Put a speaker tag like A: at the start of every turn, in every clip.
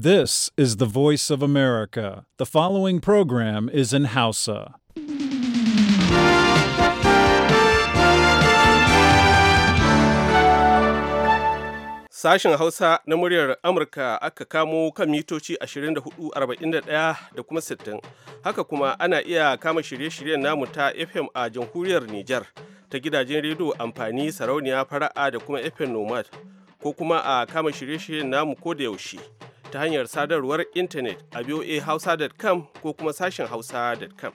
A: This is the voice of America. The following program is in Hausa.
B: Sashen Hausa na muryar Amurka aka kamo kan mitoci 24,41 da kuma 60. Haka kuma ana iya kama shirye-shiryen namu ta FM a jamhuriyar Nijar ta gidajen rediyo amfani sarauniya fara'a da kuma FM Nomad ko kuma a kama shirye-shiryen namu ko da yaushe. ta hanyar sadarwar intanet a voahausa.com ko kuma sashen hausa.com.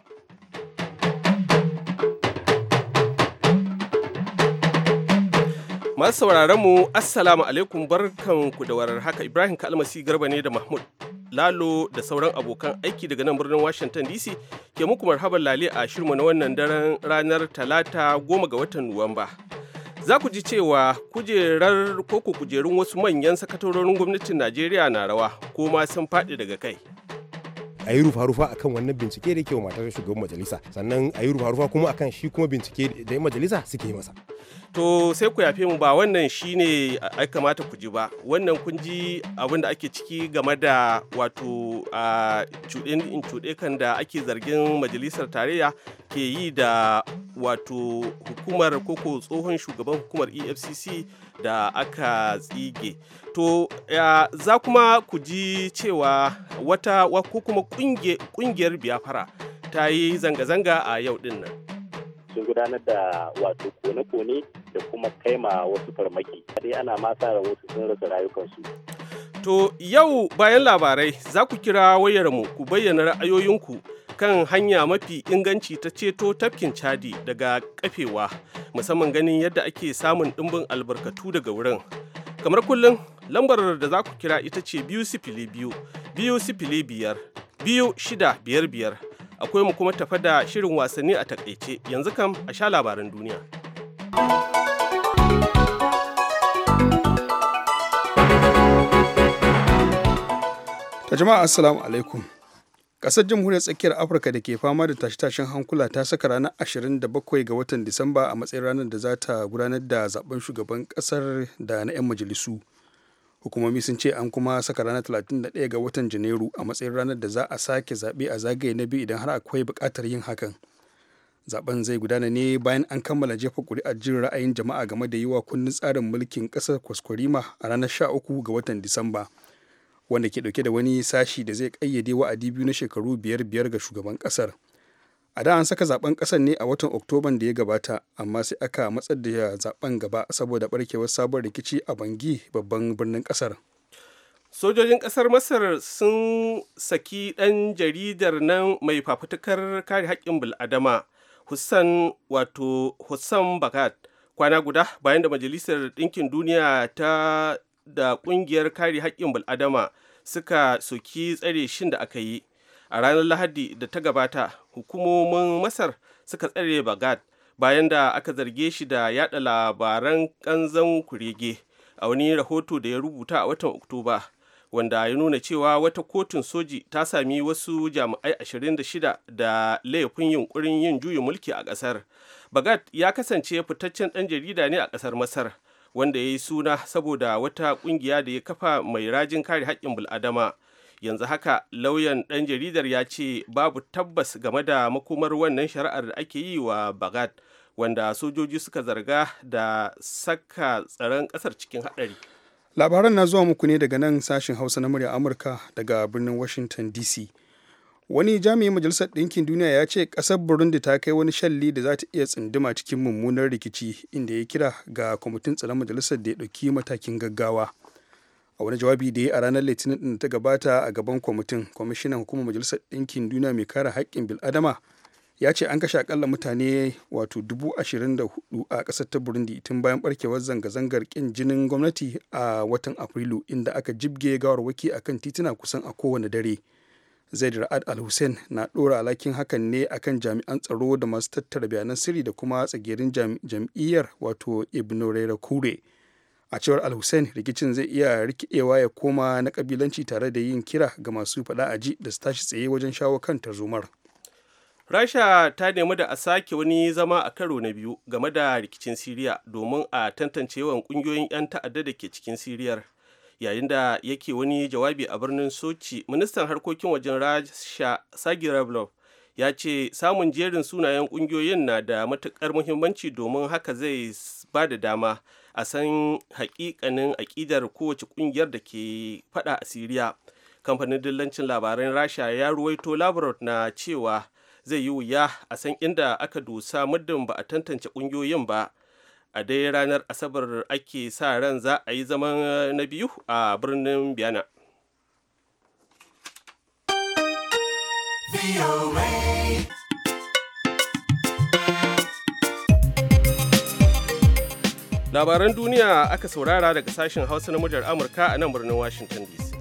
B: Masu sauraron mu Assalamu alaikum barkanku da warar haka Ibrahim Kalmasi Garba ne da Mahmud Lalo da sauran abokan aiki daga nan birnin Washington DC ke muku marhaban lale a shirma na wannan daren ranar talata goma ga watan Nuwamba. za ku ji cewa kujerar koko kujerun wasu manyan sakatorin gwamnatin najeriya na rawa ko ma sun faɗi daga kai
C: a yi rufa-rufa akan wannan bincike da ke wa matar shugaban majalisa sannan a yi rufa-rufa kuma akan shi kuma bincike da majalisa suke masa
B: to sai ku yafe mu ba wannan shi ne ai kamata ku ji ba wannan kun ji abin da ake ciki game da wato cuɗe kan da ake zargin majalisar tarayya ke yi da wato hukumar koko tsohon shugaban hukumar efcc da aka tsige to za kuma ku ji cewa wata ko kuma kungiyar biyafara ta yi zanga-zanga a yau din
D: sun gudanar da wato kone-kone da kuma kaima wasu farmaki dai ana ma sa wasu sun rasa rayukansu
B: to yau bayan labarai za ku kira wayarmu ku bayyana ra'ayoyinku kan hanya mafi inganci ta ceto tafkin chadi daga kafewa musamman ganin yadda ake samun ɗimbin albarkatu daga wurin kamar kullum lambar da za ku kira ita ce biyu sifili biyu biyu sifili biyar biyu shida biyar biyar akwai mu kuma tafa da shirin wasanni a takaice yanzu kam a sha labaran duniya.
E: Ta jama'a assalamu alaikum. Ƙasar jamhuriyar tsakiyar Afirka da ke fama da tashe-tashen hankula ta saka ranar 27 ga watan Disamba a matsayin ranar da za ta gudanar da zaben shugaban ƙasar da na 'yan majalisu. hukumomi sun ce an kuma saka ranar 31 ga watan janairu a matsayin ranar da za a sake zaɓe a zagaye na biyu idan har akwai buƙatar yin hakan zaben zai gudana ne bayan an kammala jefa ƙuri'ar jin ra'ayin jama'a game da yiwa kundin tsarin mulkin ƙasar kwaskwarima a ranar 13 ga watan disamba wanda ke ɗauke da wani sashi da zai ƙayyade wa'adi biyu na shekaru biyar biyar ga shugaban ƙasar a da an saka zaben ƙasar ne a watan oktoban da ya gabata amma sai aka matsar da zaben gaba saboda barkewar sabon rikici a bangi babban birnin ƙasar
B: sojojin kasar masar sun saki ɗan jaridar nan mai fafutukar kare haƙƙin bil'adama hussan wato hussan bakat kwana guda bayan da majalisar ɗinkin duniya ta da ƙungiyar kare haƙƙin bil'adama suka soki tsare shin da aka yi a ranar lahadi da ta gabata hukumomin masar suka tsare bagad bayan da aka zarge shi da yada labaran kanzan kurege a wani rahoto da ya rubuta a watan oktoba wanda ya nuna cewa wata kotun soji ta sami wasu jami'ai 26 da laifin yunkurin yin juyi mulki a ƙasar bagad ya kasance fitaccen ɗan jarida ne a ƙasar masar wanda ya yi suna saboda wata ƙungiya da ya kafa mai rajin kare haƙƙin bul'adama yanzu haka lauyan ɗan jaridar ya ce babu tabbas game da makomar wannan shari'ar da ake yi wa bagad wanda sojoji suka zarga da saka tsaron ƙasar cikin haɗari
E: labaran na zuwa muku ne daga nan sashen hausa na murya amurka daga birnin washington dc wani jami'in majalisar ɗinkin duniya ya ce ƙasar burundi ta kai wani shalli da za ta iya tsunduma cikin mummunar rikici inda ya kira ga kwamitin tsaron majalisar da ya ɗauki matakin gaggawa a wani jawabi da ya a ranar litinin din ta gabata a gaban kwamitin kwamishinan hukumar majalisar ɗinkin duniya mai kare haƙƙin bil'adama ya ce an kashe akalla mutane wato dubu ashirin da hudu a ƙasar ta burundi tun bayan barkewar zanga-zangar ƙin jinin gwamnati a watan afrilu inda aka jibge gawarwaki a kan titina kusan a kowane dare zaid ra'ad al hussein na ɗora alakin hakan ne a kan jami'an tsaro da masu tattara bayanan sirri da kuma tsagerin jam'iyyar wato ibnorera kure a cewar al rikicin zai iya rikidewa ya koma na kabilanci tare da yin kira ga masu faɗa aji da su tashi tsaye wajen shawo kan tarzomar
B: rasha ta nemi da a sake wani zama a karo na biyu game da rikicin siriya domin a tantance yawan kungiyoyin 'yan ta'adda da ke cikin siriyar yayin da yake wani jawabi a birnin sochi ministan harkokin wajen rasha sagi ravlov ya ce samun jerin sunayen kungiyoyin na da matukar muhimmanci domin haka zai ba da dama a san hakikanin aƙidar kowace ƙungiyar da ke fada a siriya kamfanin dillancin labaran rasha ya ruwaito lavrov na cewa zai yi wuya a san inda aka dosa muddin ba a tantance ƙungiyoyin ba a dai ranar asabar ake sa ran za a yi zaman na biyu a birnin biyana
F: VOA.
B: labaran duniya aka saurara daga sashen hausa na muryar amurka a nan birnin washington dc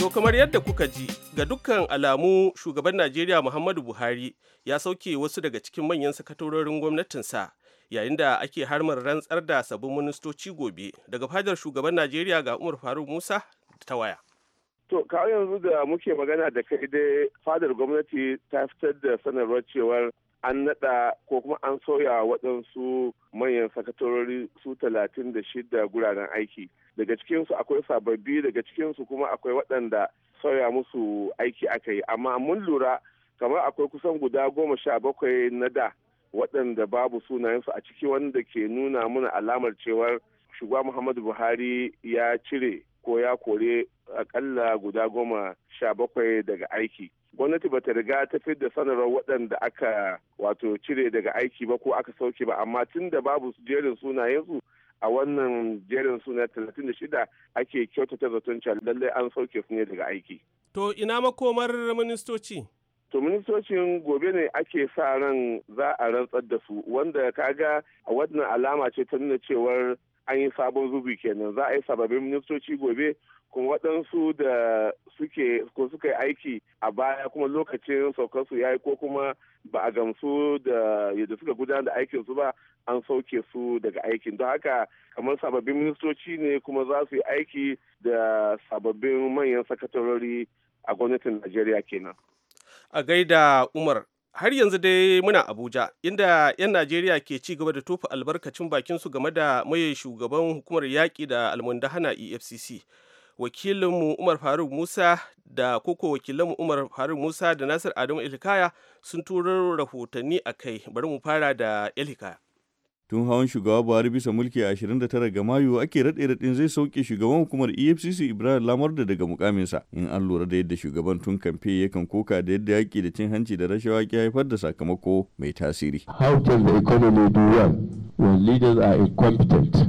B: to kamar yadda kuka ji ga dukkan alamu shugaban najeriya muhammadu buhari ya sauke wasu daga cikin manyan sakatorin gwamnatinsa yayin da ake harmar rantsar da sabbin ministoci gobe daga fadar shugaban najeriya ga umar faruk musa ta waya
G: To, kawo yanzu da muke magana da kai dai fadar gwamnati ta fitar da sanarwar cewar an naɗa ko kuma an sauya waɗansu manyan sakatorori su talatin da shida guraren aiki daga cikinsu akwai sababbi daga cikinsu kuma akwai waɗanda sauya musu aiki aka yi amma mun lura kamar akwai kusan guda goma sha bakwai na da waɗanda babu sunayensu a ciki wanda ke nuna mana alamar cewar shugaba muhammadu buhari ya cire ko ya kore akalla guda goma sha bakwai daga aiki gwamnati ba ta riga ta fi da sanarwar waɗanda aka wato cire daga aiki ba ko aka sauke ba amma tun da babu jerin sunayensu a wannan jerin suna shida ake kyautata zaton cewa lallai an sauke su ne daga aiki.
B: To ina makomar
G: ministoci? To ministocin gobe ne ake sa ran za a rantsar da su wanda kaga a wannan alama ce ta nuna cewar an yi sabon zubi kenan za a yi sababbin ministoci gobe kuma waɗansu da suke ko suka yi aiki a baya kuma lokacin saukansu ya yi ko kuma ba a gamsu da yadda suka gudanar da aikinsu ba an sauke su daga aikin don haka kamar sababbin ministoci ne kuma za su yi aiki da sababbin manyan sakatarori a gwamnatin najeriya kenan
B: a gaida umar har yanzu dai muna abuja inda 'yan najeriya ke ci gaba da tofa albarkacin bakinsu game da maye shugaban hukumar yaƙi da almundahana efcc wakilinmu umar faruk musa da koko wakilanmu umar faruk musa da nasir adamu ilhikaya sun turo rahotanni a kai bari mu fara da ilhikaya
H: tun hawan shugaba buhari bisa mulki a 29 ga mayu ake raɗe raɗin zai sauke shugaban hukumar efcc ibrahim lamar da daga mukaminsa in an lura da yadda shugaban tun kamfe yakan koka da yadda yaƙi da cin hanci da rashawa ke haifar da sakamako mai tasiri how can the economy do well when leaders are incompetent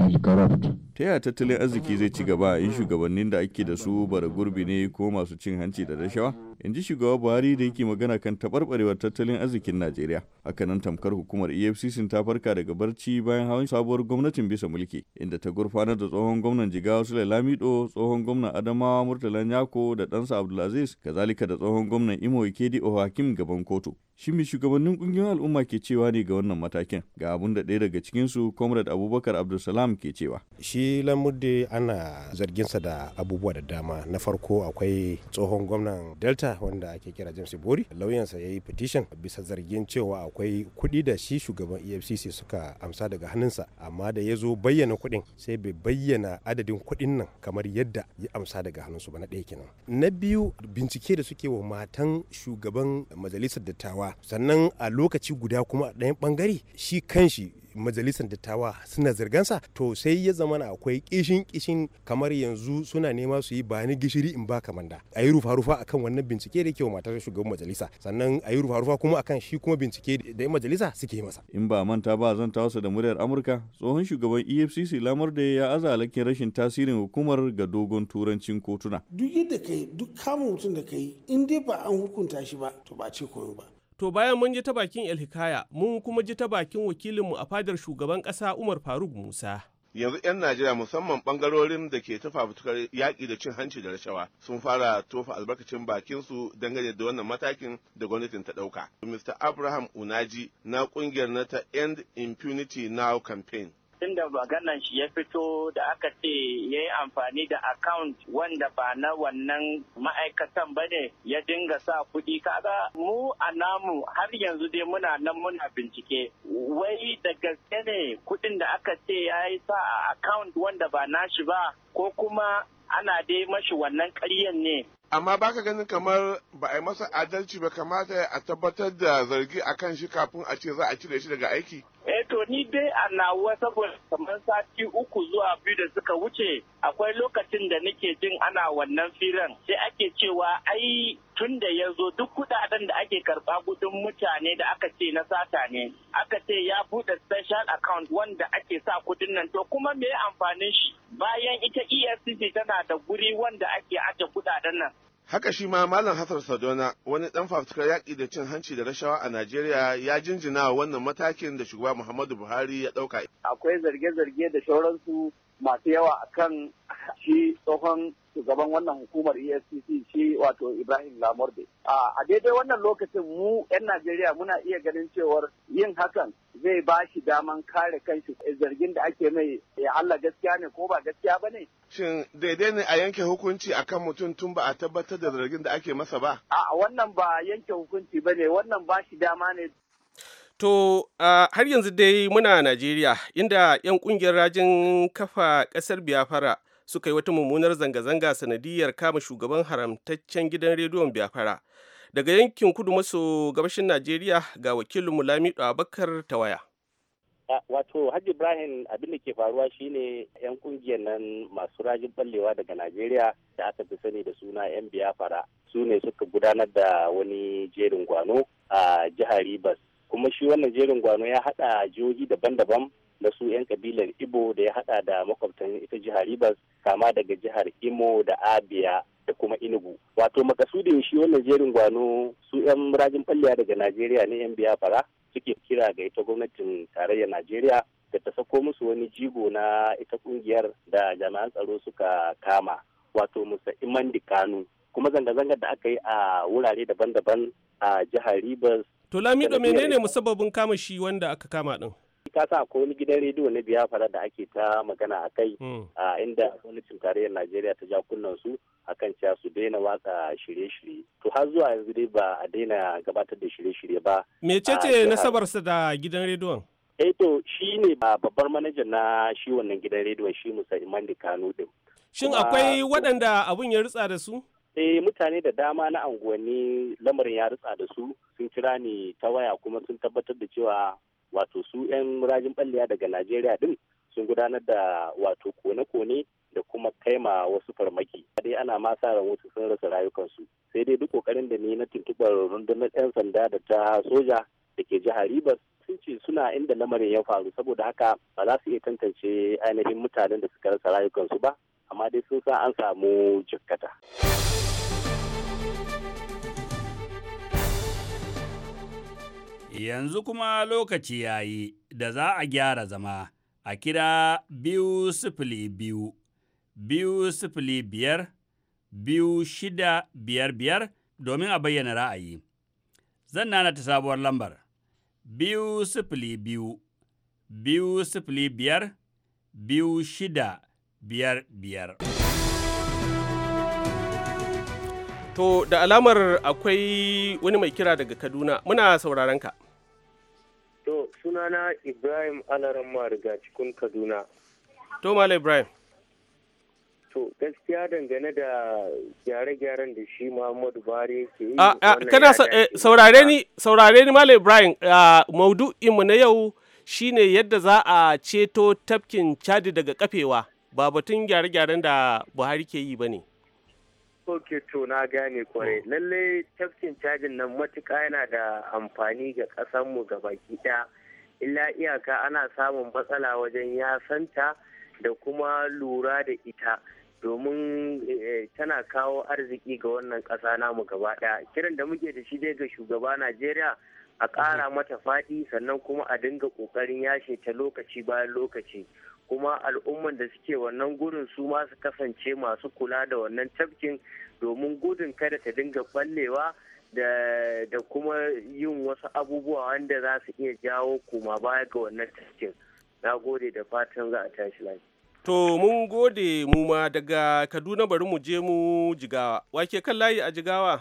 H: and corrupt ta yaya tattalin arziki zai ci gaba in shugabannin da ake da su bara gurbi ne ko masu cin hanci da rashawa in ji shugaba buhari da yake magana kan taɓarɓarewar tattalin arzikin najeriya nan tamkar hukumar efcc ta farka daga barci bayan hawan sabuwar gwamnatin bisa mulki inda ta gurfanar da tsohon gwamnan jigawa sule lamido tsohon gwamnan adamawa murtala nyako da ɗansa abdulaziz kazalika da tsohon gwamnan imo ikedi hakim gaban kotu shi mai shugabannin kungiyoyin al'umma ke cewa ne ga wannan matakin ga abun da ɗaya daga cikinsu comrade abubakar abdulsalam ke cewa shi lamudi lamudde
C: ana zarginsa da abubuwa da dama na farko akwai tsohon gwamnan delta wanda ake kira james bori lauyansa ya yi petition bisa zargin cewa akwai kuɗi da shi shugaban efcc suka amsa daga hannunsa amma da ya zo bayyana kuɗin sai bai bayyana adadin kuɗin nan kamar yadda ya amsa daga hannunsu ba na ɗaya kenan na biyu bincike da suke wa matan shugaban majalisar dattawa sannan a lokaci guda kuma a ɗayan ɓangare shi kanshi majalisar dattawa suna zirgansa to sai ya zama akwai kishin kishin kamar yanzu suna nema su yi bani gishiri in ba kamanda a yi rufa rufa akan wannan bincike da ke wa matar shugaban majalisa sannan a yi rufa rufa kuma akan shi kuma bincike da majalisa suke yi masa
H: in ba manta ba zan ta wasa da muryar amurka tsohon shugaban efcc lamar da ya aza alakin rashin tasirin hukumar ga dogon turancin kotuna
C: duk yadda kai duk kamun mutum da kai in dai ba an hukunta shi ba to ba ce koyo ba
B: To bayan mun ji ta bakin Elhikaya, mun kuma ji ta bakin wakilinmu a fadar shugaban ƙasa Umar Faruk Musa.
G: yanzu 'yan Najeriya musamman ɓangarorin da ke tafa yaƙi da cin hanci da rashawa sun fara tofa albarkacin bakinsu su dangane da wannan matakin da gwamnatin ta ɗauka. Mr. Abraham Unaji na ƙungiyar na ta End Impunity Now Campaign
D: da maganan shi ya fito da aka ce ya yi amfani da account wanda ba na wannan ma'aikatan ba ne ya dinga sa kuɗi kaga mu a namu har yanzu dai muna nan muna bincike wai da gaske ne kuɗin da aka ce ya yi sa a account wanda ba nashi ba ko kuma ana dai mashi wannan ƙaryan ne
G: amma baka ganin kamar ba a yi masa adalci ba kamata a tabbatar da zargi akan shi kafin a ce za a cire shi daga aiki e to ni dai a nawa saboda kamar sati uku zuwa biyu da suka
D: wuce akwai lokacin da nake jin ana wannan filan. sai ake cewa ai tun da ya zo duk kudaden da ake karba gudun mutane da aka ce na sata ne aka ce ya bude special account wanda ake sa kudin nan to kuma me amfanin shi bayan ita EFCC tana da guri wanda ake aje kudaden nan
G: Haka shi ma Malam Hassan Sadona wani dan fafutukar yaƙi da cin hanci da rashawa a Najeriya ya jinjina wannan matakin da shugaba Muhammadu Buhari ya ɗauka.
A: Akwai zarge-zarge da sauransu masu yawa akan shi tsohon shugaban wannan hukumar EFCC shi wato Ibrahim Lamorde. A daidai wannan lokacin mu 'yan Najeriya muna iya ganin cewar yin hakan zai ba shi daman kare kanshi eh, zargin da ake mai ya eh, Allah gaskiya ne ko ba gaskiya ba ne.
G: Shin daidai ne a yanke hukunci akan mutum tun ba a tabbatar da zargin da ake masa ba? A wannan ba yanke hukunci ba ne wannan ba shi dama ne. To,
B: har yanzu dai muna Najeriya, inda 'yan ƙungiyar rajin kafa ƙasar Biafra suka yi wata mummunar zanga-zanga sanadiyar kama shugaban haramtaccen gidan rediyon biyafara daga yankin kudu maso gabashin najeriya ga wakilinmu lamido abakar tawaya
D: wato hajji ibrahim abin da ke faruwa shine yan kungiyar nan masu rajin ballewa daga najeriya da aka fi sani da suna yan biyafara su ne suka gudanar da wani jerin gwano a jihar ribas kuma shi wannan jerin gwano ya hada jihohi daban-daban da su 'yan kabilar ibo da ya hada da makwabtan ita jihar ribas kama daga jihar imo da abia da kuma inugu wato makasudin shi wannan jerin gwano su 'yan rajin falliya daga najeriya ne 'yan biyafara suke kira ga ita gwamnatin tarayyar najeriya da ta sako musu wani jigo na ita kungiyar da jami'an tsaro suka kama wato musa imandi kanu kuma zanga-zangar da aka yi a wurare daban-daban a jihar ribas
B: to lamido menene musabbabin kama shi wanda aka kama din ka sa akwai wani gidan rediyo na biyafara da ake ta magana a kai hmm. a
D: inda gwamnatin tarayyar najeriya ta ja kunnan su akan cewa su daina watsa shirye-shirye to har zuwa yanzu dai ba a daina gabatar da shirye-shirye ba
B: mecece nasabarsa da gidan rediyon
D: eh to shi ne babbar manajan na shi wannan gidan rediyo shi musa imandi kano din shin akwai
B: waɗanda abun ya rutsa da su eh mutane da dama na
D: anguwanni lamarin ya ritsa da su sun kira ni ta waya kuma sun tabbatar da cewa wato su 'yan rajin ɓalliya daga najeriya din sun gudanar da wato kone-kone da kuma kaima wasu farmaki dai ana ma sa ran wasu sun rasa rayukansu sai dai duk kokarin da ni na tuntuɓar rundunar 'yan sanda da ta soja da ke jihar ribas sun ce suna inda lamarin ya faru saboda haka ba za su iya tantance ainihin mutanen da suka rasa rayukansu ba amma dai sun sa an samu jikkata. Yanzu kuma lokaci ya yi da za a gyara zama a kira biyu sifili biyu, biyu sifili biyar, biyu shida biyar biyar domin a bayyana ra'ayi. Zan nana ta sabuwar lambar biyu sifili biyu, biyu sifili biyar, biyu shida biyar
B: biyar. To da alamar akwai wani mai kira daga Kaduna muna sauraron ka.
I: To sunana Ibrahim Alaramma daga cikin Kaduna.
B: To Mala Ibrahim.
I: To gaskiya dangane da gyare-gyaren da shi Muhammadu Buhari ke
B: yi. Kana eh, saurare ni saurare ni Mala Ibrahim mu na yau shine yadda za a ceto tafkin Chadi daga kafewa ba batun gyare-gyaren da Buhari ke yi ba ne.
I: ok to na gane kwarai hmm. lallai tafkin cajin nan matuka yana da amfani ga ƙasanmu ga baki ɗaya illa iyaka ana samun matsala wajen yasanta da kuma lura da ita domin eh, tana kawo arziki ga wannan ƙasa namu gaba ɗaya kiran da muke da shi dai ga shugaba najeriya a ƙara hmm. mata faɗi sannan kuma a dinga ƙoƙarin yashe ta lokaci bayan lokaci kuma al'umman da suke wannan gurin su ma su kasance masu kula da wannan tafkin domin gudun kada ta dinga ballewa da kuma yin wasu abubuwa wanda za su iya jawo kuma baya ga wannan tafkin na gode da fatan za a tashi lafiya
B: To mun gode mu ma daga Kaduna bari mu je mu jigawa. Wake kan layi a jigawa?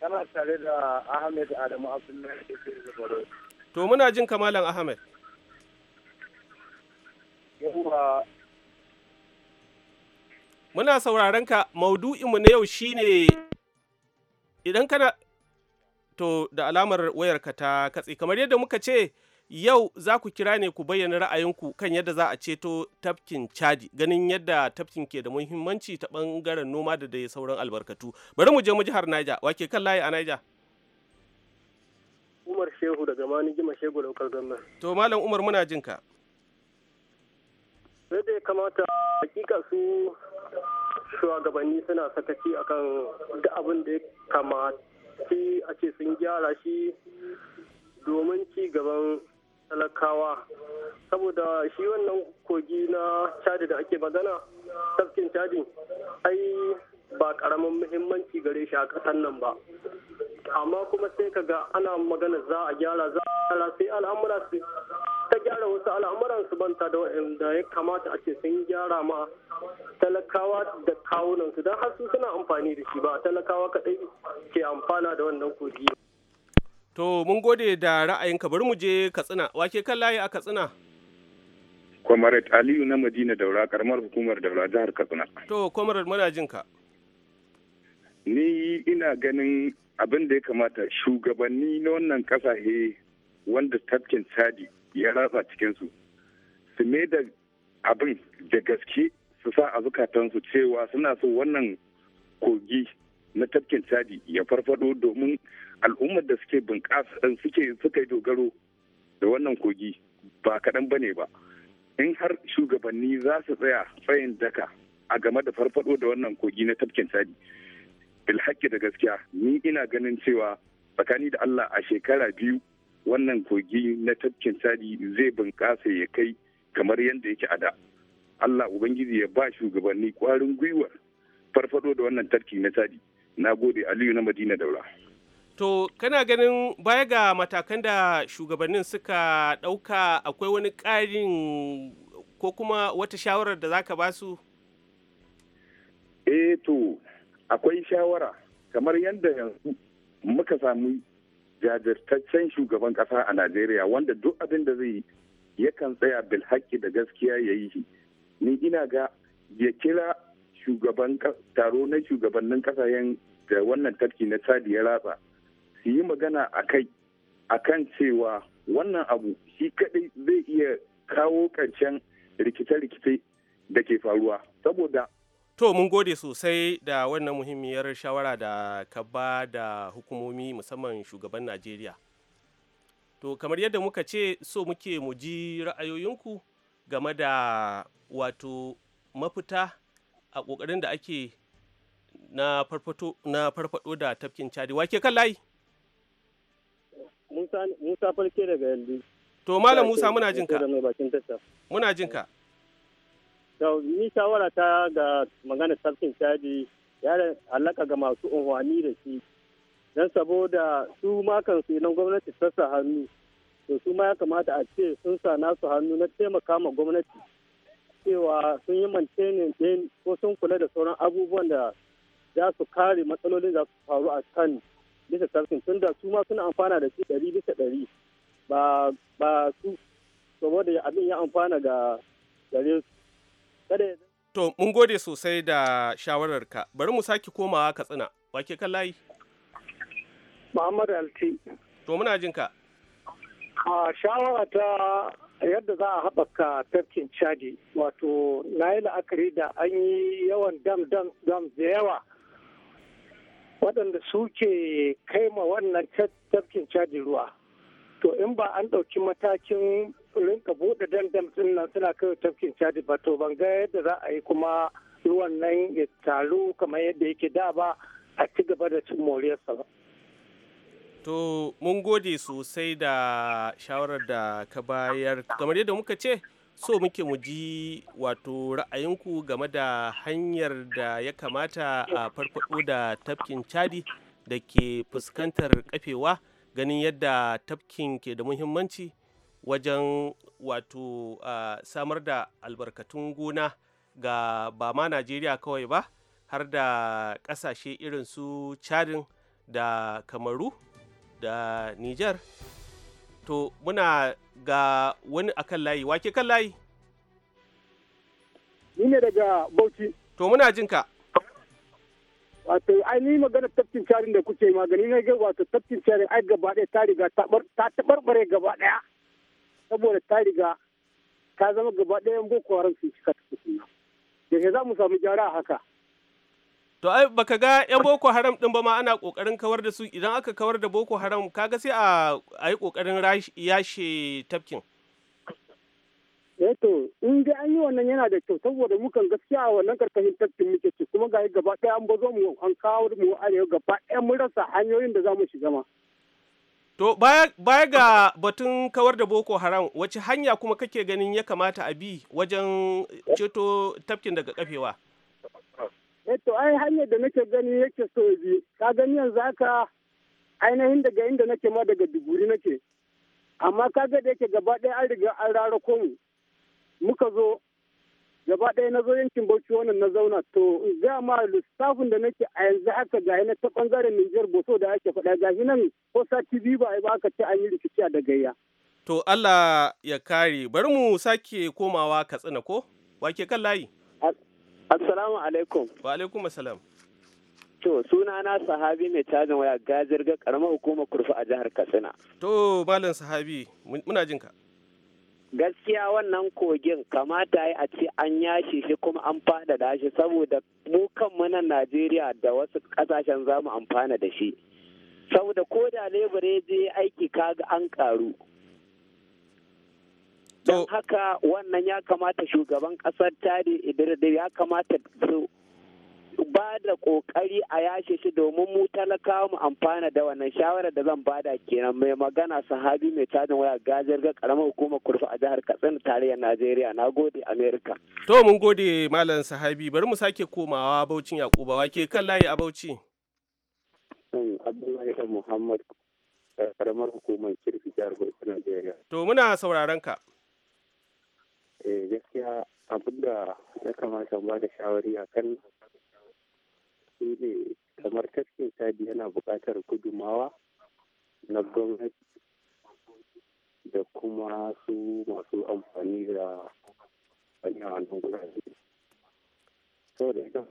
I: Kana tare da Ahmed Adamu Abdullahi da
B: ke To muna jin kamalan Ahmed. muna sauraron ka maudu'inmu na yau shine idan kana to da alamar wayarka ta katse kamar yadda muka ce yau za ku kira ne ku bayyana ra'ayinku kan yadda za a ceto tafkin chadi ganin yadda tafkin ke da muhimmanci ta bangaren noma da dai sauran albarkatu bari mu je mu jihar naija wake kan layi a naija
I: umar shehu daga jima shehu daukar gwamna
B: to malam umar muna jinka
A: sai dai kamata hakika su shugabanni suna sakaci akan duk abin da ya kamata a ce sun gyara shi domin ci gaban talakawa saboda shi wannan kogi
B: na cadi da ake magana tafkin cadi ai ba karamin muhimmanci gare shi a kasar nan ba amma kuma sai ka ga ana magana za a
A: gyara za a gyara sai al'amura ta gyara wasu al'amuran su banta da wa'anda ya
I: kamata a ce sun gyara ma talakawa da kawunan su don har su suna amfani da shi ba talakawa kaɗai ke amfana da wannan kogi.
B: To mun gode da ra'ayinka bari mu je Katsina wake kan layi a Katsina.
J: Comrade Aliyu na Madina Daura karamar hukumar Daura jihar Katsina. To Comrade muna jin ka. Ni ina ganin abin da ya kamata shugabanni na wannan kasashe wanda tafkin sadi ya ratsa cikinsu su ne da abin da gaske su sa a zukatansu cewa suna so wannan kogi na tafkin cadi ya farfado domin al'ummar da suke bunƙasa suke suka yi dogaro da wannan kogi ba kaɗan ba ne ba in har shugabanni za su tsaya tsayin daka a game da farfado da wannan kogi na tafkin cadi bilhaki da gaskiya ni ina ganin cewa tsakani da allah a shekara biyu wannan kogi na tafkin sadi zai bunƙasa ya kai kamar yadda yake a da allah ubangiji ya ba shugabanni kwarin gwiwar farfado da wannan tafki na sadi na gode aliyu na madina daura
B: To, kana ganin baya ga matakan da shugabannin suka ɗauka akwai wani ƙarin ko kuma wata shawarar da za ka ba su?
J: Eh to, akwai shawara kamar yadda yanzu muka sami jajirtaccen shugaban kasa a najeriya wanda duk abin da zai yakan tsaya bilhaki da gaskiya ya yi shi ni ina ga ya kira shugaban taro na shugabannin kasashen da wannan tafki na chadi ya ratsa su yi magana a kai a kan cewa wannan abu shi kadai zai iya kawo ƙarshen rikice-rikice da ke faruwa saboda
B: to mun gode sosai da wannan muhimmiyar shawara da ka ba da hukumomi musamman shugaban najeriya to kamar yadda muka ce so muke mu ji ra'ayoyinku game da wato mafita a ƙoƙarin da ake na farfado da tafkin cadi wake kan layi
A: musa falke daga yanzu
B: to malam musa muna jinka muna jinka
A: to ni shawara ta ga magana sarkin caji ya alaka ga masu unhwani da shi don saboda su ma kansu idan gwamnati ta sa hannu to su ma ya kamata a ce sun sa nasu hannu na taimaka ma gwamnati cewa sun yi ɗin ko sun kula da sauran abubuwan da za su kare matsalolin da su faru a kan bisa sarkin tun da su ma suna amfana da shi ɗari bisa ɗari ba su saboda abin ya amfana ga gare
I: su
B: to mun gode sosai da shawararka bari mu sake komawa katsina wake kan layi Muhammad Alti to muna jin
A: a shawara ta yadda za a haɓaka tafkin chadi wato na yi la'akari da an yi yawan dam dam dam da yawa waɗanda suke kai ma wannan tafkin chadi ruwa to in ba an ɗauki matakin rinka buɗe dandam ɗin nan suna kai tafkin cadi ba to ban ga yadda za a yi kuma ruwan nan ya taru kamar yadda yake da ba
I: a ci gaba da cin moriyarsa ba.
B: To mun gode sosai da shawarar da ka bayar kamar yadda muka ce so muke mu ji wato ra'ayinku game da hanyar da ya kamata a farfado da tafkin cadi da ke fuskantar kafewa ganin yadda tafkin ke da muhimmanci wajen wato samar da albarkatun gona ga ba ma najeriya kawai ba har da kasashe irin su chadin da kamaru da niger to muna ga wani akan layi wake kan layi
A: ni ne daga bauchi
B: to muna jinka wato
A: ai ni magana tafkin carin da kuke magani na ga wato tafkin carin ai gaba ɗaya ta riga ta tabarbare gaba ɗaya saboda ta riga ta zama gaba ɗaya boko haram sun cika tafkin da za mu samu gyara haka
B: To ai baka ga yan Boko Haram ɗin ba ma ana kokarin kawar da su idan aka kawar da Boko Haram kaga sai a yi kokarin yashe tafkin.
A: Eh to in dai an yi wannan yana da kyau saboda mukan gaskiya a wannan karkashin tafkin muke ci kuma ga gaba ɗaya an bazo mu an kawo mu arewa gaba ɗaya mun rasa hanyoyin da za mu shiga ma.
B: To baya, ga batun kawar da Boko Haram wace hanya kuma kake ganin ya kamata a bi wajen ceto tafkin daga kafewa?
A: eto eh ai hanyar da nake gani yake so bi ka gani yanzu haka ainihin daga inda nake ma daga duguri nake amma kaga da yake gaba ɗaya an riga an rara komu muka zo gaba ɗaya na zo yankin bauchi wannan na zauna to ga ma lissafin da nake a yanzu haka ga na ta bangaren Nijar Boso da ake faɗa ga nan ko sati biyu ba ba aka ce an yi rikici a da gayya.
B: To Allah ya kare bari mu sake komawa Katsina ko wake kan layi. Assalamu alaikum. Wa alaikum assalam.
D: To suna na sahabi mai cajin waya gajirga karamar hukumar kurfa a jihar Katsina.
B: To malam sahabi muna jinka. gaskiya wannan kogin kamata ya a
D: ce an yashe shi kuma an faɗaɗa shi saboda mu kanmu nan najeriya da wasu ƙasashen za mu amfana da shi saboda ko da lebure je aiki kaga an karu don haka wannan ya kamata shugaban ƙasar tare idir ya kamata ba da kokari a yashe shi domin mu talakawa mu amfana da wannan shawarar da zan bada kenan mai magana sahabi mai cajin waya gajiyar ga karamar hukumar kurfa a jihar katsina tarayyar najeriya na gode Amerika.
B: to mun gode malam sahabi bari mu sake komawa baucin yakuba wake kan layi a bauchi
I: abdullahi muhammad karamar hukumar kirfi jihar bauchi najeriya
B: to muna sauraron ka
I: eh gaskiya abinda ya kamata ba da shawari a kan su ne kamar tafkin sadi yana buƙatar gudumawa na gwamnati da kuma su masu amfani da hanyar hannun gurare saboda idan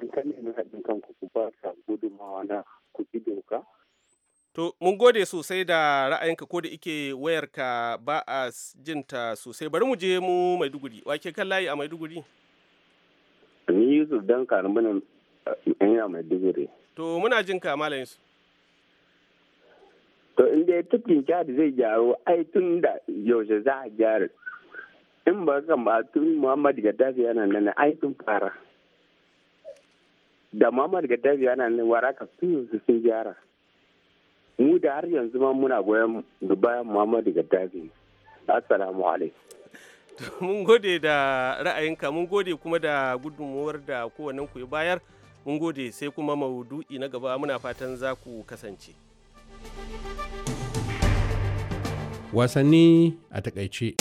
I: an kan na haɗin kanku ku ba ta gudumawa na ku doka
B: To, mun gode sosai da ra'ayinka ko da ike wayarka ba a jinta sosai. Bari mu je mu Maiduguri. Wake kan layi a Maiduguri?
D: Ni Yusuf dan Karmanin Eh, ina digiri.
B: to muna jin ka malam yusuf
D: to in dai tukin jari zai gyaro ai tun da yaushe za a gyara in ba ka ba tun muhammad gaddafi yana nan ai tun fara da muhammad
I: gaddafi yana nan waraka tun sun gyara mu da har yanzu ma muna goyon bayan muhammad gaddafi assalamu alaikum
B: mun gode da ra'ayinka mun gode kuma da gudunmuwar da kowannen ku bayar mun gode sai kuma maudu'i na gaba muna fatan za ku kasance
C: wasanni a takaice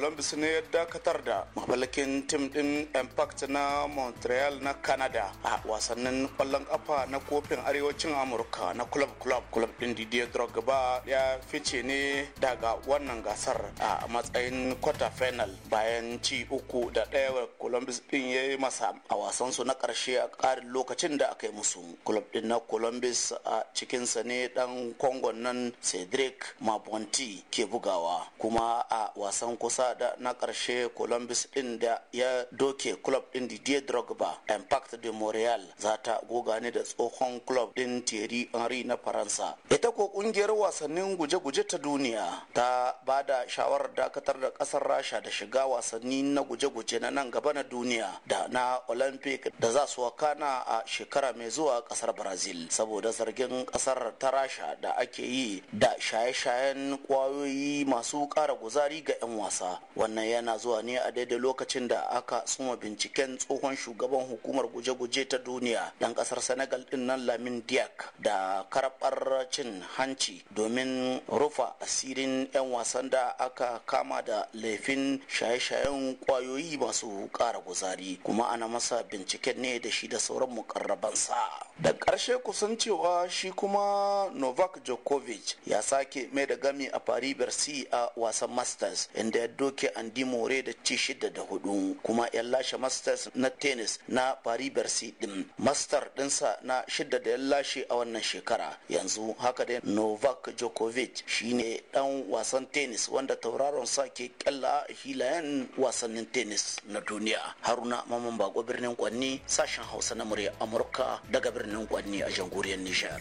F: columbus ne ya dakatar da mafalakin tim din impact na montreal na canada a wasannin kwallon kafa na kofin arewacin amurka na club club club din didier drogba ya fice ne daga wannan gasar a matsayin quarter final bayan ci uku da ɗaya columbus din ya yi masa a wasansu na ƙarshe a ƙarin lokacin da aka yi musu club din na columbus a cikinsa ne dan kongon nan cedric mabonti ke bugawa kuma a wasan kusa da na karshe columbus din da ya doke club din didier drogba impact de montreal za ta goga ne da tsohon club din thierry henry na faransa ita ko kungiyar wasannin guje-guje ta duniya ta ba da shawarar dakatar da ƙasar rasha da shiga wasanni na guje-guje na nan gaba na duniya da na olympic da za su wakana a shekara mai zuwa ƙasar brazil saboda zargin ƙasar ta rasha da ake yi da shaye-shayen kwayoyi masu kara guzari ga 'yan wasa wannan yana zuwa ne a daidai lokacin da aka suma binciken tsohon shugaban hukumar guje-guje ta duniya dan kasar senegal din nan lamin diak da karbar cin hanci domin rufa asirin 'yan wasan da aka kama da laifin shaye-shayen kwayoyi masu kara guzari kuma ana masa binciken ne da shi da sauran mukarrabansa da ƙarshe kusan cewa shi kuma novak djokovic ya sake mai da gami a paris bercy a wasan masters inda ya doke andi more da ci shida da hudu kuma yan lashe masters na tennis na paris bercy din master dinsa na shida da ya lashe a wannan shekara yanzu haka dai novak djokovic shine dan wasan tennis wanda tauraron sa ke kyalla hilayen wasannin tennis na duniya haruna maman bako birnin kwanni sashen hausa na murya amurka daga birnin kwanni a jamhuriyar nishar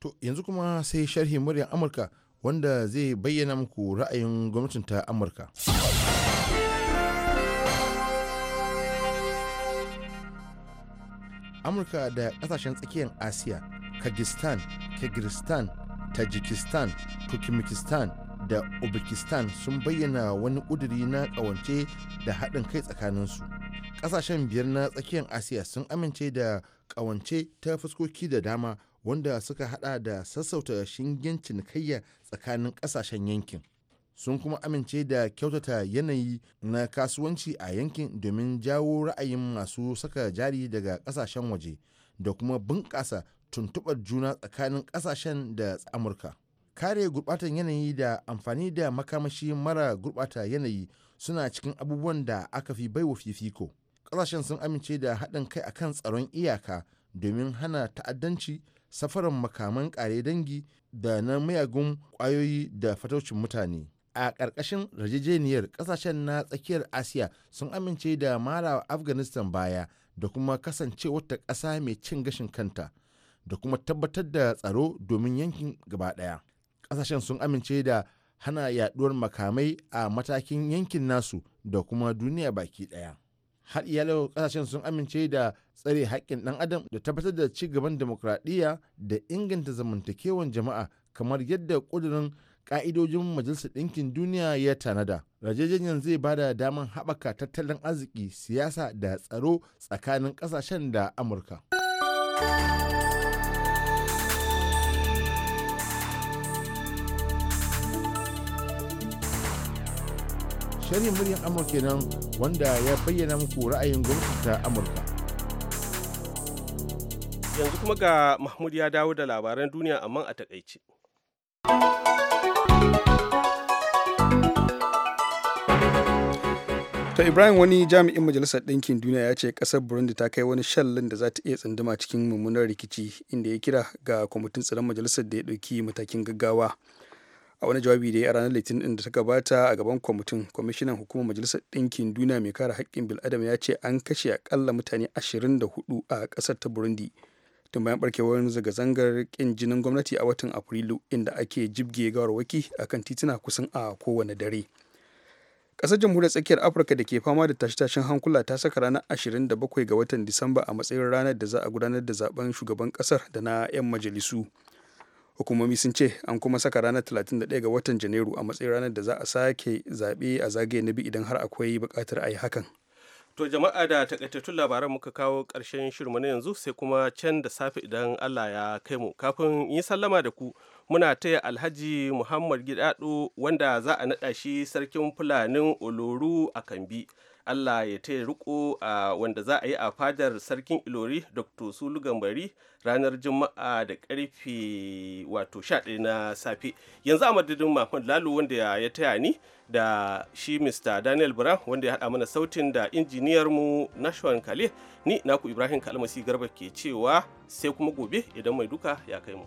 K: To yanzu kuma sai sharhi muryar Amurka wanda zai bayyana muku ra'ayin gwamnatin ta Amurka. Amurka da kasashen tsakiyar Asiya, Kyrgyzstan, Kyrgyzstan, Tajikistan, Turkmenistan da Uzbekistan sun bayyana wani ƙuduri na ƙawance da haɗin kai tsakaninsu. Ƙasashen biyar na tsakiyar Asiya sun amince da ƙawance ta fuskoki da dama wanda suka hada da sassauta shingen cinikayya tsakanin kasashen yankin sun kuma amince da kyautata yanayi na kasuwanci a yankin domin jawo ra'ayin masu saka jari daga kasashen waje da kuma bunƙasa tuntuɓar juna tsakanin kasashen da amurka kare gurbatan yanayi da amfani da makamashi mara gurɓata yanayi suna cikin abubuwan da aka fi baiwa fifiko kasashen sun amince da haɗin kai akan tsaron iyaka domin hana ta'addanci safaran makaman ƙare dangi da na mayagun ƙwayoyi da fataucin mutane. a ƙarƙashin rajejeniyar ƙasashen na tsakiyar asiya sun amince da mara afghanistan baya da kuma kasance wata ƙasa mai cin gashin kanta da kuma tabbatar da tsaro domin yankin gaba ɗaya ƙasashen sun amince da hana yaɗuwar makamai a matakin yankin nasu da kuma duniya baki ɗaya har iyalau kasashen sun amince da tsare haƙƙin ɗan adam da tabbatar da ci gaban demokradiyya da inganta zamantakewan jama'a kamar yadda ƙudurin ƙa'idojin majalisar ɗinkin duniya ya tanada rajajenyan zai ba da damar haɓaka tattalin arziki siyasa da tsaro tsakanin ƙasashen da amurka shirin muryar amurka nan wanda ya bayyana muku ra'ayin gwamnati ta amurka
B: yanzu kuma ga mahmud ya dawo da labaran duniya amma a takaice
E: ta ibrahim wani jami'in majalisar ɗinkin duniya ya ce ƙasar burundi ta kai wani shallin da za ta iya tsunduma cikin mummunar rikici inda ya kira ga kwamitin tsaron majalisar da ya ɗauki matakin gaggawa a wani jawabi da ya ranar litinin din da ta gabata a gaban kwamitin kwamishinan hukumar majalisar ɗinkin duniya mai kare haƙƙin bil'adama ya ce an kashe akalla mutane 24 a ƙasar ta burundi tun bayan barkewar zanga-zangar ƙin jinin gwamnati a watan afrilu inda ake jibge gawarwaki a kan tituna kusan a kowane dare ƙasar jamhuriyar tsakiyar afirka da ke fama da tashe-tashen hankula ta saka ranar 27 ga watan disamba a matsayin ranar da za a gudanar da zaben shugaban ƙasar da na 'yan majalisu hukumomi sun ce an kuma saka ranar 31 ga watan janairu a matsayin ranar da za a sake zaɓe a zagaye na bi idan har akwai buƙatar a yi hakan
B: to jama'a da takaitattun labaran muka kawo ƙarshen shirmu na yanzu sai kuma can da safe idan allah ya kai mu kafin yi sallama da ku muna taya alhaji muhammad gidado wanda za a naɗa shi sarkin fulanin oloru a kambi allah ya taya riko a wanda za a yi a fadar sarkin ilori dr sulu gambari ranar juma'a da karfe wato 11 na safe yanzu a madadin mahmud lalu wanda ya taya ni da shi mr daniel brown wanda ya haɗa mana sautin da injiniyar mu nashwan kale ni naku ibrahim kalmasi garba ke cewa sai kuma gobe idan mai duka ya kai mu